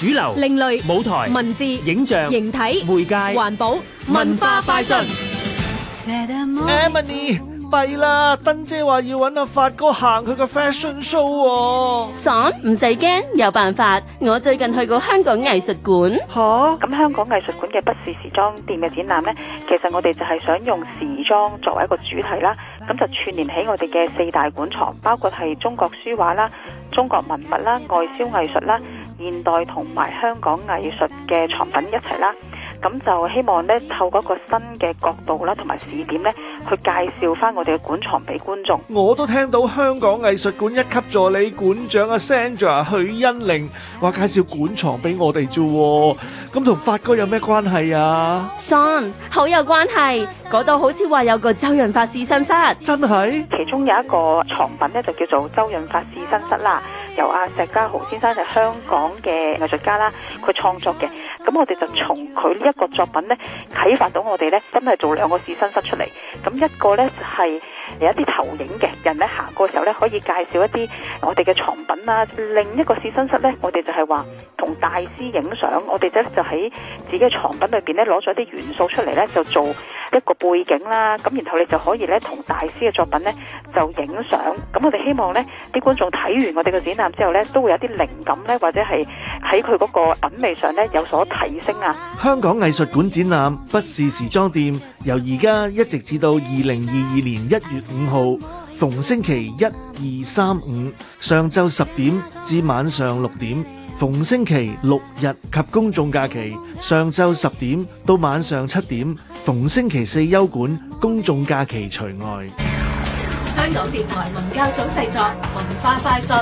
主流、另類、舞台、文字、影像、形體、媒介、環保、文化、fashion. Emily, 弊啦,燈姐話要搵阿發哥行佢個 fashion show 喔。現代同埋香港藝術嘅藏品一齊啦，咁就希望咧，透過一個新嘅角度啦，同埋試點咧，去介紹翻我哋嘅館藏俾觀眾。我都聽到香港藝術館一級助理館長啊，Sandra 許恩玲話介紹館藏俾我哋啫，咁同發哥有咩關係啊？Son 好有關係，嗰度好似話有個周潤發試身室，真係。其中有一個藏品咧，就叫做周潤發試身室啦。由阿石家豪先生，係香港嘅藝術家啦，佢創作嘅。咁我哋就從佢呢一個作品咧啟發到我哋咧，真係做兩個試身室出嚟，咁一個咧就係、是。有一啲投影嘅人咧行過嘅時候咧，可以介紹一啲我哋嘅藏品啦。另一個試身室咧，我哋就係話同大師影相。我哋咧就喺自己嘅藏品裏邊咧，攞咗一啲元素出嚟咧，就做一個背景啦。咁然後你就可以咧同大師嘅作品咧就影相。咁我哋希望咧啲觀眾睇完我哋嘅展覽之後咧，都會有啲靈感咧，或者係喺佢嗰個品味上咧有所提升啊。香港藝術館展覽不是時裝店。由而家一直至到二零二二年一月五號，逢星期一、二、三、五上晝十點至晚上六點，逢星期六日及公眾假期上晝十點到晚上七點，逢星期四休館，公眾假期除外。香港電台文教組製作《文化快訊》。